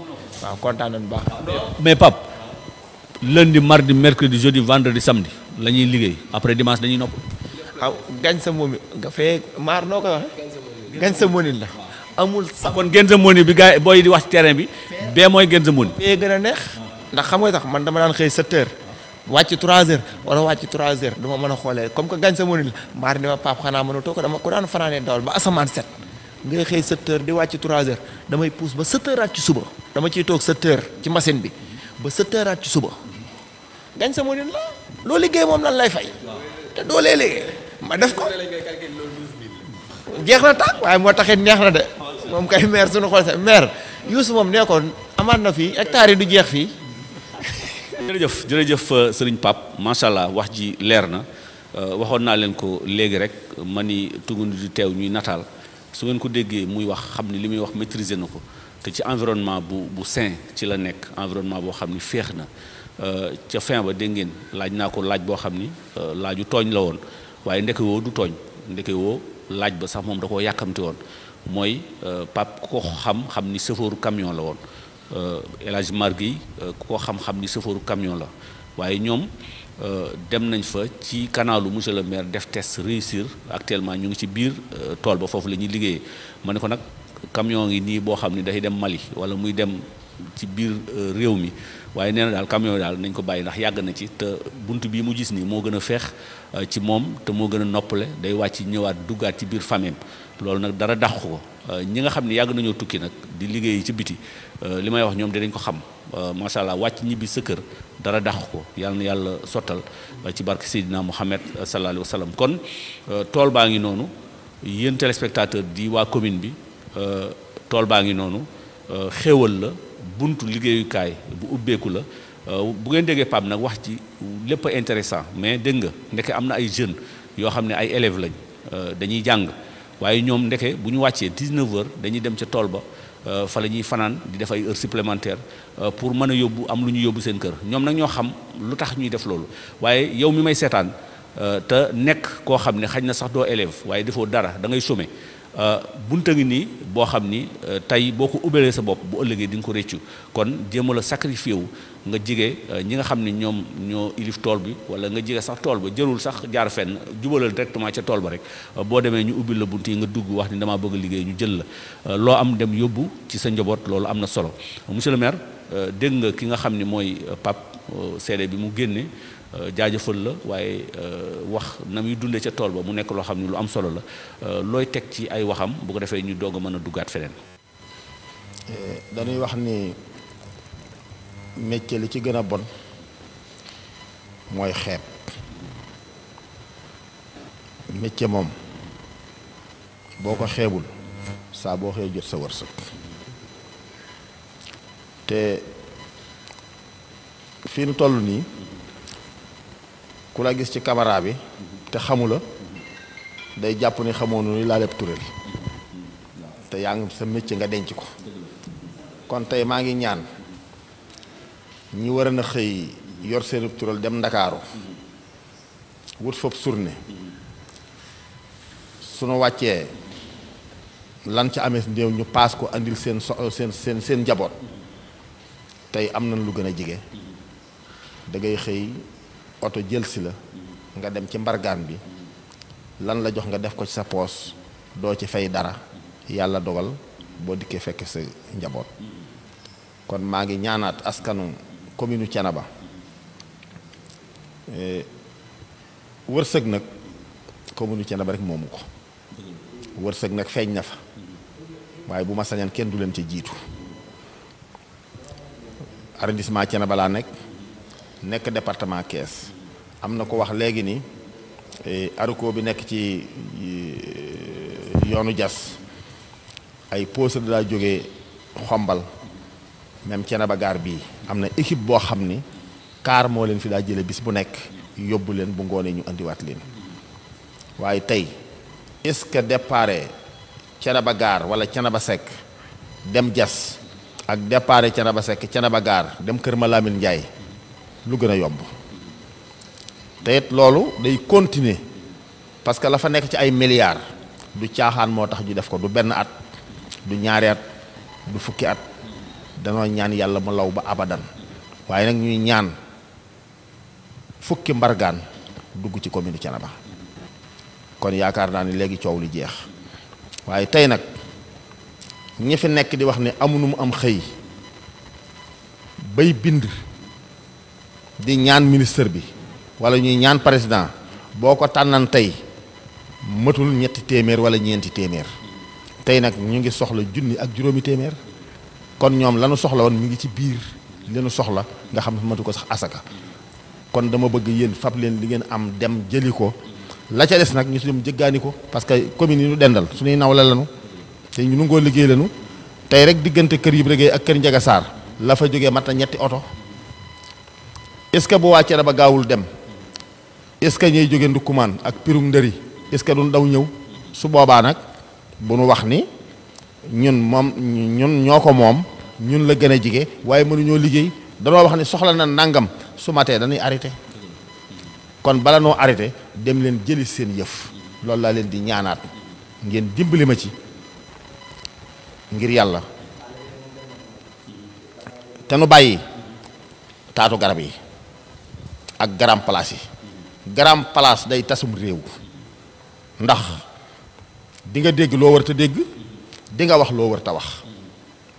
waaw kontaan nañu baax. mais Pape lundi mardi mercredi jeudi vendredi samedi la ñuy liggéey après dimanche dañuy nopp. waaw gañ sa moom nga fee maar noo koy waxee. gañ sa moom la. amul sax kon gën sa moom bi gars booy di wax ci terrain bi. bee mooy gën sa moom. bee gën a neex. ndax xam nga tax man dama daan xëy 7 heures. wàcc 3 heures wala wàcc 3 heures du ma mën a xoolee comme que gañ sa moom la maar ni ma Pape xanaa mënatoo ko dama ko daan fanaanee ngay xëy 7 heures di wàcc 3 heures damay pousse ba 7 heures ci suba dama ciy toog 7 ci machine bi ba 7 heures ci suba gañ sa moo leen la loo liggéey moom lan lay fay te doo lee liggéey ma def ko jeex na tàkk waaye moo taxit neex na de moom kay meer suñu xool sa maire Youssou moom nee ko amaat na fii ectare yi du jeex fii jërëjëf jërëjëf euh, sëriñ Pape macha allah wax ji leer na euh, waxoon naa leen ko léegi rek ma ni tungu di teew ñuy nataal su ngeen ko déggee muy wax xam ni li muy wax maîtriser na ko te ci environnement bu bu sain ci la nekk environnement boo xam ni féex na euh, ca fin ba dégg ngeen laaj naa ko laaj boo xam ni euh, laaju tooñ la woon waaye ndeke du tooñ ndeke laaj ba sax moom da koo yàkkamti woon mooy euh, pap ku ko xam xam ni chauffeuru camion la woon El Hadj Marguy ku ko xam-xam ni chauffeuru camion la waaye ñoom Euh, dem nañ fa ci kanalu monsieur le maire def test réussir actuellement ñu ngi ci biir euh, tool ba foofu la ñuy liggéeyee ma ne ko nag camion yi nii boo xam ne day dem Mali wala muy dem ci biir euh, réew mi waaye nee daal camion daal nañ ko bàyyi ndax yàgg na ci te bunt bii mu gis nii moo gën a feex ci moom te moo gën a noppale day wàcc ñëwaat duggaat ci biir famille loolu nag dara dàqu ko euh, ñi nga xam ne yàgg nañoo tukki nag di liggéey ci biti euh, li may wax ñoom dinañ ko xam euh, macha allah wàcc ñibbi sa kër dara dàqu ko yàlla na yàlla sottal ci barke Seydina Mouhamed sallallahu alayhi kon tool baa ngi noonu yéen téléspectateur di waa commune bi tool baa ngi noonu xéewal la buntu liggéeyukaay bu ubbeeku la bu ngeen déggee Pape nag wax ci lépp intéressant mais dégg nga ndeke am na ay jeunes yoo xam ne ay élèves lañ dañuy jàng. waaye ñoom ndeke bu ñu wàccee 19 heures dañuy dem ca tool ba euh, fa la ñuy fanaan di def ay heures euh, pour mën a yóbbu am lu ñu yóbbu seen kër ñoom nag ñoo xam lu tax ñuy def loolu waaye yow mi may seetaan euh, te nekk koo xam ne xañ na sax doo élève waaye defoo dara da ngay chômer Euh, bunta ngi nii boo xam ni euh, tey boo ko ubbeelee sa bopp bu ëllëgee di nga ko réccu kon jéemal a sacrifié wu nga jige euh, ñi nga xam ni ñoom ñoo ilif tool bi wala nga jige sax tool ba jërul sax jaar fenn jubalal directement ca tool ba rek boo demee ñu ubbil la bunt yi nga dugg wax ni damaa bëgg liggéey ñu jël la loo am dem yóbbu ci sa njaboot loolu am na solo monsieur le maire dégg nga ki nga xam ni mooy Pape seede bi mu génne Euh, jaajëfal la waaye euh, wax na muy dundee ca tool ba mu nekk loo xam ne lu am solo la euh, looy teg ci ay waxam bu ko defee ñu doog a mën a duggaat feneen. Eh, dañuy wax ni métier li ci gën a bon mooy xeeb métier moom boo ko xeebul saa boo xëyee jot sa wërsëg te fi nu toll nii. ku la gis ci caméra bi te xamula day jàpp ni xamoo nu laa lépp turéel te yaa ngi sa métier nga denc ko kon tey maa ngi ñaan ñi war a xëy yor seen turéel dem ndakaaru wut foofu surne sunu wàccee lan ca amee néew ñu paas ko andil seen so seen seen seen njaboot tey am na lu gën a jige da xëy oto jël si la nga dem ci mbargaan bi lan la jox nga def ko ci sa poos doo ci fay dara yàlla dogal boo dikkee fekk sa njaboot kon maa ngi ñaanaat askanu commune Thiénaba e, wërsëg nag commune ba rek moomu ko wërsëg nag feeñ na fa waaye bu ma sañan kenn du leen ci jiitu arrondissement ba laa nekk nekk département Kees am na ko wax léegi ni eh, aruko bi nekk ci eh, yoonu jas ay poste daa jóge xombal même Thiénaba gaar bii am na équipe boo xam ni kaar moo leen fi daa jële bis bu nekk yóbbu leen bu ngoonee ñu indiwaat leen waaye tey est-ce que dépare Thiénaba gaar wala Thiénaba Seck dem jas ak dépare Thiénaba Seck Thiénaba gaar dem Kër Malamine Ndiaye lu gën a yomb te loolu day continuer parce que la fa nekk ci ay milliards du caaxaan moo tax ñu def ko du benn at du ñaari at du fukki at danoo ñaan yàlla mu law ba abadan waaye nag ñuy ñaan fukki mbargaan dugg ci commune ba kon yaakaar naa ni léegi coow lu jeex waaye tey nag ñi fi nekk di wax ne amuñu mu am xëy bay bind di ñaan ministre bi wala ñuy ñaan président boo ko tànnan tey matul ñetti téeméer wala ñeenti téeméer tey nag ñu ngi soxla junni ak juróomi téeméer kon ñoom lanu soxla woon mu ngi ci biir lenu soxla nga xam ne matu ko sax asaka kon dama bëgg yéen fab leen li ngeen am dem jëli ko la ca des nag ñu si dem jëggaani ko parce que commune yi ñu dendal suñuy nawle lanu te ñu nungoo liggéey lanu tey rek diggante kër Ibra Gueye ak kër Njaga Sarr la fa jógee mat na ñetti oto est-ce que bu wàccee ba gaawul dem est-ce que ñuy jóge ak pirum ndëri est-ce que duñ daw ñëw su boobaa nag bu nu wax ni ñun moom ñun ñoo ko moom ñun la gën a jige waaye mënuñoo liggéey danoo wax ni soxla na nangam su matee dañuy arrêté kon bala noo arrêté dem leen jëli seen yëf loolu laa leen di ñaanaat ngeen dimbali ma ci ngir yàlla te nu bàyyi taatu garab yi ak grand place yi grand place day tasum réew ndax dinga dégg loo war ta dégg di nga wax loo war ta wax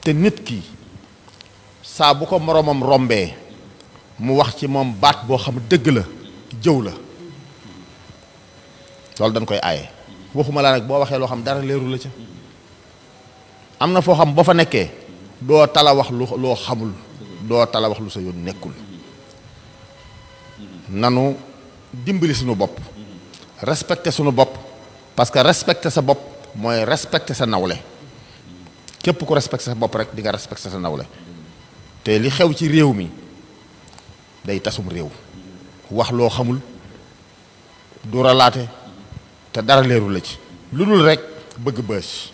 te nit kii saa bu ko moroomam rombee mu wax ci moom baat boo xam dëgg la jëw la loolu dañ koy aaye waxuma laa nag boo waxee loo xam dara leeru la ca am na foo xam boo fa nekkee doo tala wax lu loo xamul doo tal tala wax lu sa yoon nekkul nanu dimbali suñu bopp respecté suñu bopp parce que respecté sa bopp mooy respecté sa nawle képp ko respecte sa bopp rek di nga respecté sa nawle te li xew ci réew mi day tasum réew wax loo xamul du ralaate te dara leeru la ci lu dul rek bëgg bës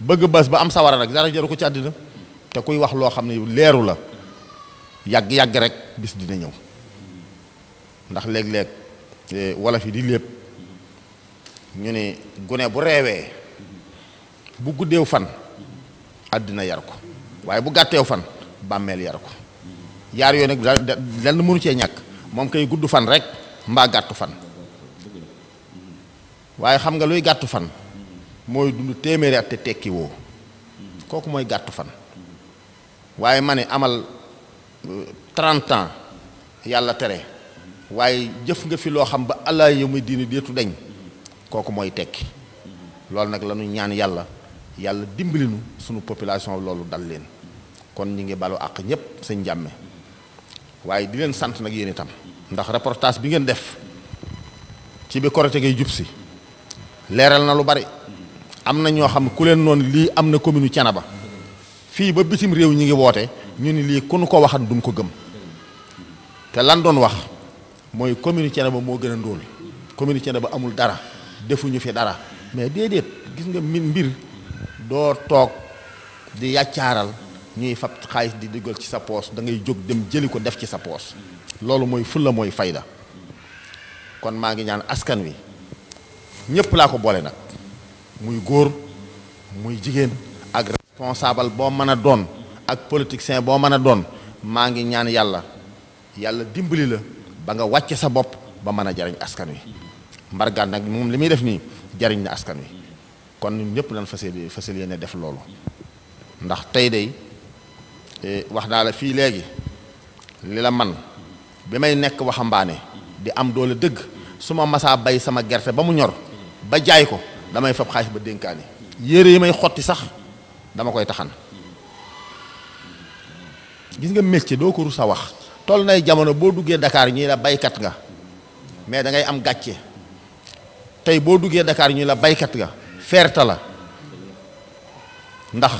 bëgg bës ba am sawara rek dara jaru ko ci àddina te kuy wax loo xam ne leeru la yàgg-yàgg rek bis dina ñëw ndax léeg-léeg eh, wolof yi di lépp ñu ne gune bu reewee bu guddeew fan àddina yar ko waaye bu gàtteew fan bàmmeel yar ko yaar yooyu nag lenn mënu cee ñàkk moom kay gudd fan rek mbaa gàttu fan waaye xam nga luy gàttu fan mooy dund téeméeri at te tekki kooku mooy gàttu fan waaye ma ne amal 30 euh, ans yàlla tere waaye jëf nga fi loo xam ba allah yow muy diine deetu dañ kooku mooy tekki loolu nag la ñaan yàlla yàlla dimbali nu sunu population loolu dal leen kon ñu ngi balu àq ñëpp sëñ jàmme waaye di leen sant nag yéen itam ndax reportage bi ngeen def ci bi Korité ngay si leeral na lu bari am na ñoo xam ku leen noonu lii am na commune Thiénaba fii ba bitim réew ñi ngi woote ñu ni lii ku ko waxan duñ ko gëm te lan doon wax. mooy commune Thiénaba moo gën a ndóol commune Thiénaba amul dara defuñu fi dara mais déedéet gis nga min mbir doo toog di yàccaaral ñuy fab xaalis di dugal ci sa poos da ngay jóg dem jëli ko def ci sa poos loolu mooy fulla mooy fayda kon maa ngi ñaan askan wi ñëpp laa ko boole nag muy góor muy jigéen ak responsable boo mën a doon ak politicien boo mën a doon maa ngi ñaan yàlla yàlla dimbali la ba nga wàcce sa bopp ba mën a jariñ askan wi mbargaan nag moom li muy def nii jariñ na askan wi kon ñun ñëpp nañ fas fas yéene def loolu ndax tey day e, wax naa la fii léegi li la man bi may nekk waxambaane di am doole dëgg su ma masaa bay sama gerte ba mu ñor ba jaay ko damay fab xaalis ba dénkaani yére yi may xotti sax dama koy taxan gis nga métier doo ko rus a wax toll nay jamono boo duggee dakaar ñi la baykat nga mais da ngay am gàcce tey boo duggee dakaar ñuy la baykat nga feerta la ndax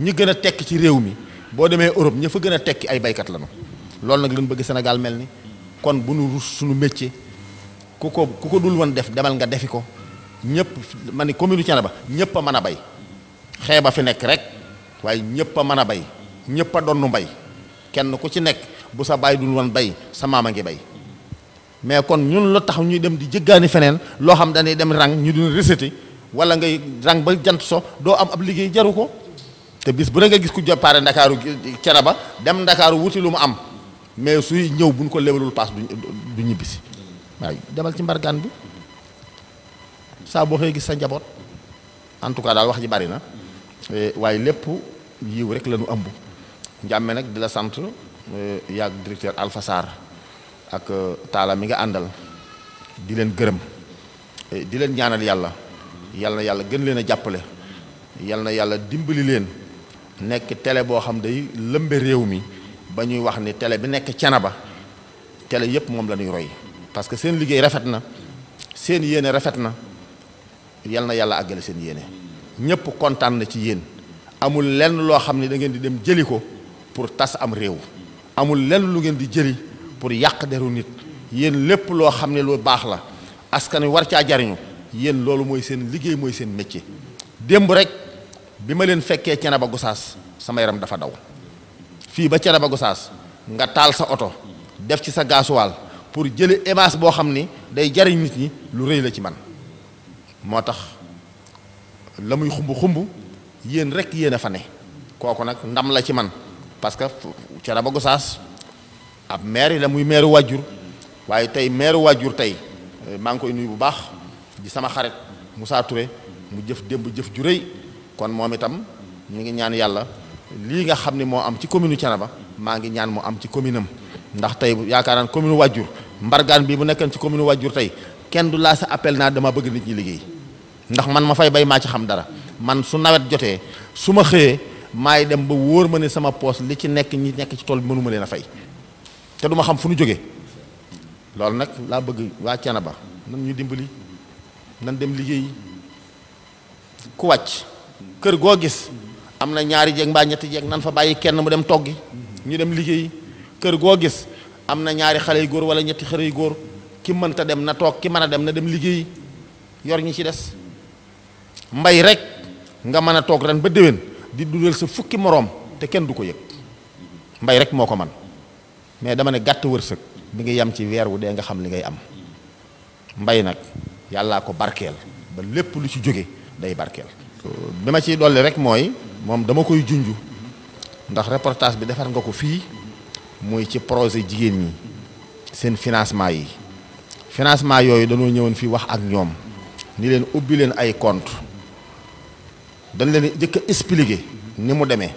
ñi gën a tekk ci réew mi boo demee Europe ña fa gën a tekki ay baykat la lañu loolu nag lañ bëgg senegal mel ni kon bu nu rus suñu métier ku ko ku ko dul woon def demal nga defi ko ñëpp ma ne commune ba ñëpp a mën a bay xeeba fi nekk rek waaye ñëpp a mën a bay ñëpp a donnu mbay kenn ku ci nekk bu sa bàyyi dul woon bay sa maam a ngi bay mais kon ñun la taxaw ñuy dem di jëggaani feneen loo xam danay dem rang ñu dul reseté wala ngay rang ba jant so doo am ab liggéey jaru ko te bis bu ne nga gis ku jàppaare ndakaaru cere ba dem ndakaaru wuti lu mu am mais suy ñëw buñ ko lebalul paas du ñibbisi waaw demal ci mbargaan bi saa boo gis sa njaboot en tout cas daal wax ji bari na eh, waaye lépp yiw rek la ñu ëmb njàmme nag di la sant Eh, yàgg directeur Alpha Sarr ak eh, taala mi nga àndal di leen gërëm eh, di leen ñaanal yàlla yal yàlla gën leen a jàppale yal na yàlla dimbali leen nekk télé boo xam day lëmbe réew mi ba ñuy wax ni télé bi nekk Thiénaba tele yépp moom la ñuy roy parce que seen liggéey rafet na seen yéene rafet na yal na yàlla àggale seen yéene ñépp kontaan na ci yéen amul lenn loo xam ne da ngeen di dem jëli ko pour tas am réew amul lenn lu ngeen di jëli pour yàq deru nit yéen lépp loo xam ne lu baax la askan wi war caa jariñu yéen loolu mooy seen liggéey mooy seen métier démb rek bi ma leen fekkee Thiénaba Gossas sama yaram dafa daw fii ba Thiénaba Gossas nga taal sa oto def ci sa gaasuwaal pour jëli image boo xam ni day jariñ nit ñi lu rëy la ci man moo tax la muy xumb xumb yéen rek yéen a fa ne kooku nag ndam la ci man parce que Thiénaba Gossas ab maire la muy maire wàjjur waaye tey maire wàjjur tey eh, maa ngi koy nuyu bu baax di sama xarit Moussa Touré mu jëf démb jëf ju kon moom itam mu ngi ñaan yàlla lii nga xam ne moo am ci commune ba maa ngi ñaan mu am ci commune am ndax tey yaakaar naan commune wàjjur mbargaan bi bu nekkoon ci commune wàjjur tey kenn du laa sa appel naa dama bëgg nit ñi liggéey ndax man ma fay bay maa ci xam dara man su nawet jotee su ma xëyee maay dem ba wóor ma ne sama poos li ci nekk ñi nekk ci tool bi mënuma leen a fay te duma xam fu ñu jóge loolu nag laa bëgg waa Thiénaba nan ñu dimbali nan dem liggéey ku wàcc kër goo gis am na ñaari jeeg mbaa ñetti jeeg nan fa bàyyi kenn mu dem toggi ñu dem liggéey kër goo gis am na ñaari xale yu góor wala ñetti xale yu góor ki mënta dem na toog ki mën a dem na dem liggéey yor ñi ci des mbay rek nga mën a toog ren ba déwén di dundal sa fukki moroom te kenn du ko yëg mbay rek moo ko man mais dama ne gàtt wërsëg mi ngi yam ci weer wu dee nga xam li ngay am mbay nag yàllaa ko barkeel ba lépp lu ci jóge day barkeel bi ma ciy dolli rek mooy moom dama koy junju ndax reportage bi defar nga ko fii muy ci projet jigéen ñi seen financement yi financement yooyu dañoo ñëwoon fii wax ak ñoom ni leen ubbi leen ay compte dañ leen jëkk a expliquer ni mu demee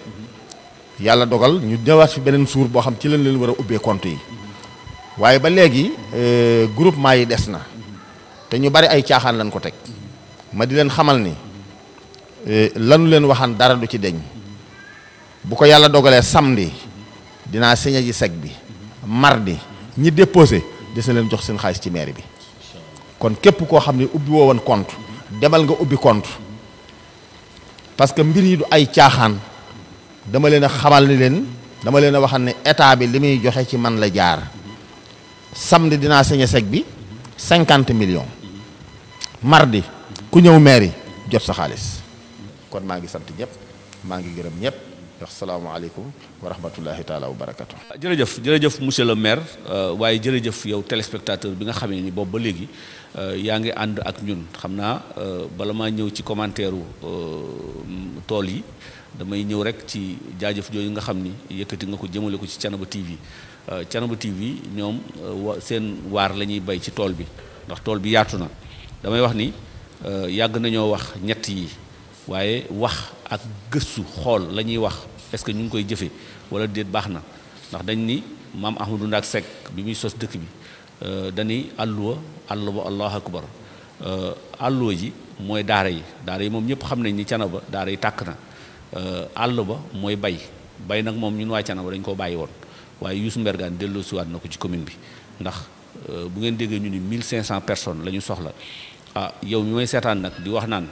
yàlla dogal ñu ñëwaat fi beneen suur boo xam ci lañ leen war a ubbee compte yi waaye ba léegi euh, groupement yi des na te ñu bari ay caaxaan lañ ko teg ma di leen xamal ni euh, lanu leen waxaan dara du ci deñ bu ko yàlla dogalee samedi dinaa signé ji seg bi mardi ñi déposé des na leen jox seen xaalis ci mairie bi kon képp koo xam ne ubbi woo woon kont demal nga ubbi compte parce que mbir yi du ay caaxaan dama leen a xamal ni leen dama leen a waxal ne état bi li muy joxe ci man la jaar samedi dinaa sañe sec bi cinquante millions mardi ku ñëw mairie jot sa xaalis kon maa ngi sant ñëpp maa ngi gërëm ñëpp asalaamaaleykum wa rahmatullahi taala wa barakatu ah, jërëjëf jërëjëf monsieur le maire euh, waaye jërëjëf yow téléspectateur bi nga xamee ni boob ba léegi euh, yaa ngi ànd ak ñun xam naa euh, bala maa ñëw ci commentaire u tool yi damay ñëw rek ci jaajëf jooju nga xam ni yëkkati nga ko jëmale ko ci Thiénaba TV Thiénaba TV ñoom seen waar la ñuy bay ci tool bi ndax tool bi yaatu na damay wax ni yàgg nañoo wax ñett yi waaye wax ak gëstu xool la ñuy wax est-ce que ñu ngi koy jëfee wala déet baax na ndax dañ ni maam Ahmadou Ndaak Seck bi muy sos dëkk bi euh, dañuy àlluwa àll ba allahu akbar àlluwa euh, ji mooy daara yi daara yi moom ñëpp xam nañ ni cana ba daara yi tàkk na àll euh, ba mooy bay bay nag moom ñun waa cana ba dañ koo bàyyi woon waaye Youssou Mbergane delloo siwaat na ko ci commune bi ndax bu ngeen déggee ñu ni mille cinq cent personnes la ñu soxla ah yow ñu may seetaan nag di wax naan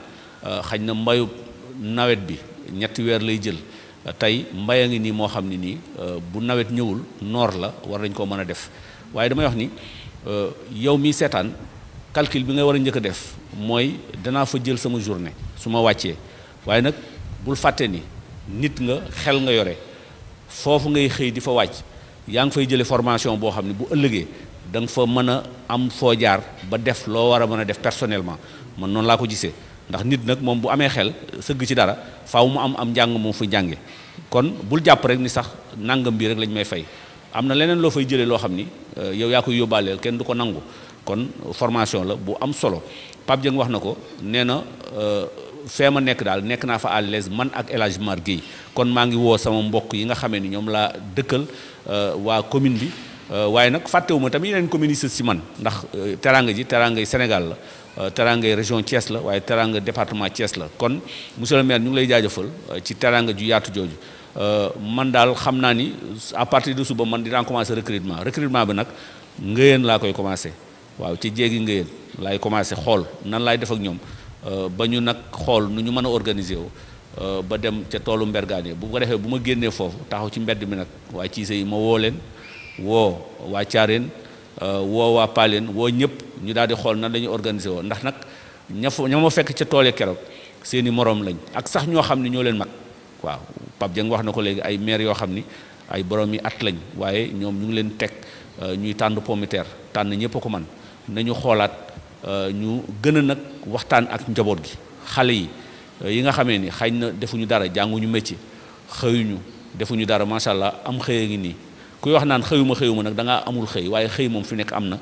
xañ na mbayub nawet bi ñetti weer lay jël tey mbay a ngi nii moo xam ne nii euh, bu nawet ñëwul noor la war nañ koo mën a def waaye damay wax ni euh, yow mi seetaan calcul bi ngay war a njëkk a def mooy danaa fa jël sama journée su ma wàccee waaye nag bul fàtte ni nit nga xel nga yore foofu ngay xëy di fa wàcc yaa ngi fay jëlee formation boo xam ne bu ëllëgee danga nga fa mën a am foo jaar ba def loo war a mën a def personnellement man noonu laa ko gisee ndax nit nag moom bu amee xel sëgg ci dara faw mu am am njàng moom fu jànge kon bul jàpp rek ni sax nangam bii rek lañ may fay am na leneen loo fay jëlee loo xam ni euh, yow yaa koy yóbbaaleel kenn du ko nangu kon formation la bu am solo Pape Dieng wax na ko nee na euh, fee ma nekk daal nekk naa fa à l'aise man ak El Hadj kon maa ngi woo sama mbokk yi nga xamee ni ñoom laa dëkkal euh, waa commune bi waaye nag fàttewuma tamit yeneen commune yi sës si man ndax teraanga ji teraangay Sénégal Euh, teranga région cees la waaye teranga département Thiès la kon monsieur le maire ñu ngi lay jaajëfal euh, ci teranga ju yaatu jooju euh, man daal xam naa ni à partir de ba man dinaa commencé recrutement recrutement bi nag ngëyeen laa koy commencé waaw ci jéegi ngëyeen laay commencé xool nan laay def ak ñoom ba ñu nag xool nu ñu mën a organiser wu ba dem ca toolu mbergaane bu ko defee bu ma génnee foofu taxaw ci mbedd mi nag waa ciise yi ma woo leen woo waa Euh, woowaa waa Paaleen woo ñëpp ñu daal di xool nan la ñuy organiser woo ndax nag ña fa ña ma fekk ca toole keroog seeni i moroom lañ ak sax ñoo xam ne ñoo leen mag waaw Pape Dieng wax na ko léegi ay maire yoo xam ni ay borom yi at lañ waaye ñoom ñu ngi leen teg euh, ñuy tànn pomiteer tànn ñëpp a ko man nañu xoolaat euh, ñu gën a nag waxtaan ak njaboot gi xale yi yi nga xamee ni xañ na defuñu dara jànguñu métier xëyuñu defuñu dara macha allah am xëy ngi nii kuy wax naan xëyuma xëyuma nag da ngaa amul xëy waaye xëy moom fi nekk am na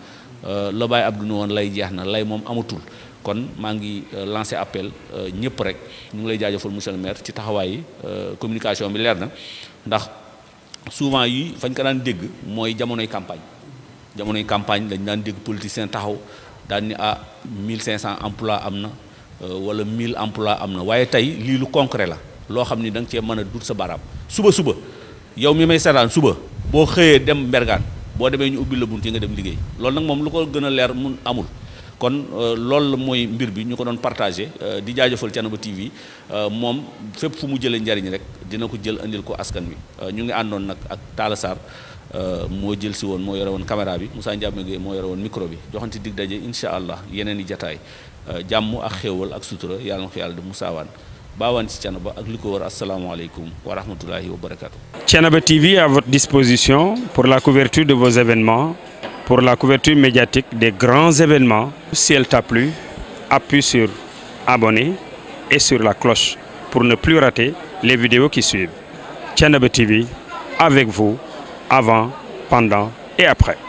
euh, la bàyyi abdu ne woon lay jeex na lay moom amatul kon maa ngi euh, lancé appel euh, ñëpp rek ñu ngi lay jaajëfal monsieur le maire ci taxawaay communication bi leer na ndax souvent yi fañ ko daan dégg mooy jamonoy campagne jamonoy campagne dañ daan dégg politicien taxaw daan ni ah mille cinq cent emplois am na wala 1000 emplois am na waaye tey lii lu concret la loo xam ni da nga cee mën a dut sa baaraam suba suba yow suba boo xëyee dem mbergaan boo demee ñu ubbi la bunt yi nga dem liggéey loolu nag moom lu ko gën a leer mun amul kon euh, loolu mooy mbir bi ñu ko doon partagé euh, di jaajëfal Thiénaba TV euh, moom fépp fu mu jëlee njariñ rek dina ko jël indil ko askan wi ñu ngi àndoon nag ak Talla Sarr moo jël si woon moo yore woon caméra bi Moussa Ndiame Gueye moo yore woon micro bi joxante dig daje incha allah yeneen i jataay jàmm ak xéewal ak sutura yàlla na yàlla di musaawaan Bawane si Thiénaba ak li ko wër asalaamaaleykum wa rahmatulahi wa barakatu. Thiénaba TV à votre disposition pour la couverture de vos événements pour la couverture médiatique des grands événements. Si elle t'a plu, appuie sur abonner et sur la cloche pour ne plus rater les vidéos qui suivent. Thiénaba TV avec vous avant, pendant et après.